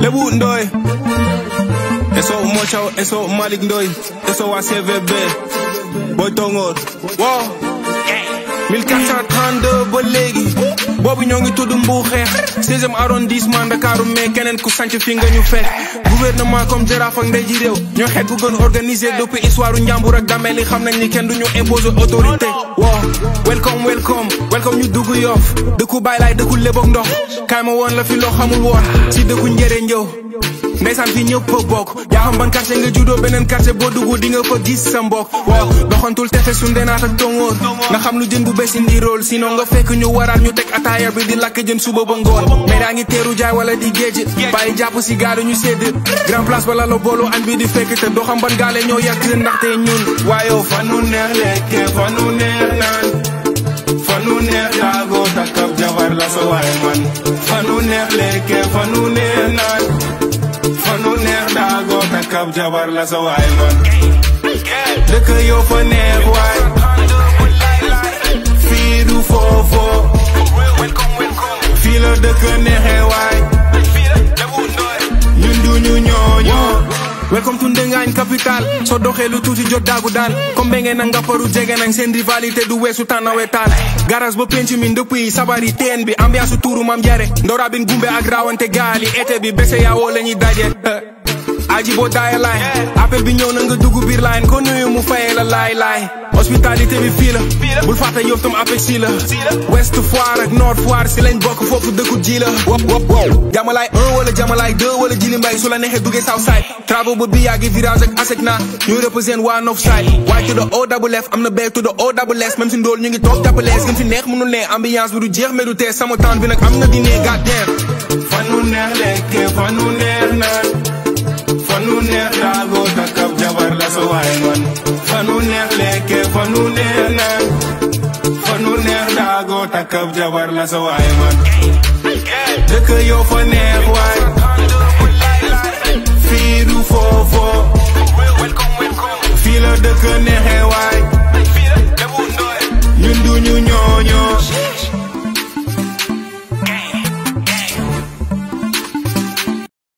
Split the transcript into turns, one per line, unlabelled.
Lebu Ndoye eso Mo Thiaw eso Malick Ndoye eso waa CVB Boy Tongoor ba léegi boobu ñoo ngi tudd mbu xeex 16e arrondissement Ndakaaru mais keneen ku sanc fi nga ñu fekk gouvernement comme jaraaf ak ndey ji réew ñoo xeet bu gën organisé depuis histoire u ak dameel yi xam nañ ni kenn du ñu imposer autorité wow comme ñu dugg yoof dëkku baay laay a bokk yaa xam nga juddoo beneen quartier boo dugg di nga fa gis sa mbokk waaw doxantul tefe su ndenaat ak tongoor nga xam lu jën bu bees indi rool sinon nga fekk ñu waraat ñu teg ataaya bi di lakk jën suba ba ngoon mais daa ngi teeru jaay wala di géej bàyyi jàpp si gaaru ñu sedd grand place bala la boolu añ bi di fekk te doxam gaale ñoo yàq ndaxte ñun waayo fa nu neex lekke fa nu neex am jabar la sa waay man dëkk yoo fa neex waay fii du foofo fii la dëkk neexee waay ñun du ñu ñooñoo welcome to Ndengaañ capital soo doxee lu tuuti jot daagu daan comme mbenge na nga paru jege nañ seen rivalité du weesu tànnawe taal garage ba penc mi ndëpp yi sabar bi ambiance tuuru mam jare ndora bin gumbe ak raawante gaal été bi bese yaawoo la daje aji boo daaya laay appel bi ñëw na nga dugg biir line ko nuyu mu fayee la laay laay hospitalité bi fii la bul fàtte yof tam apec si la west foire ak nord foire si lañ bokk foofu dëkku ji la wop wop wow jamalaay un wala jamalaay deux wala jili mbay su la neexee duggee south side travaux ba bi yaa virage ak asec na ñooy représente waa north side waaye to the OWF am na bay to the OWS même si ndool ñu ngi toog jàppalees gën fi neex mënul ne ambiance bi du jeex mais du tee sama temps bi nag am na di ne gàddeer fanu neex lekke fanu neex naan fanu neex taago takkab jabar la man fanu leke lekke fanu neex naan fanu jabar la man dëkk yo fa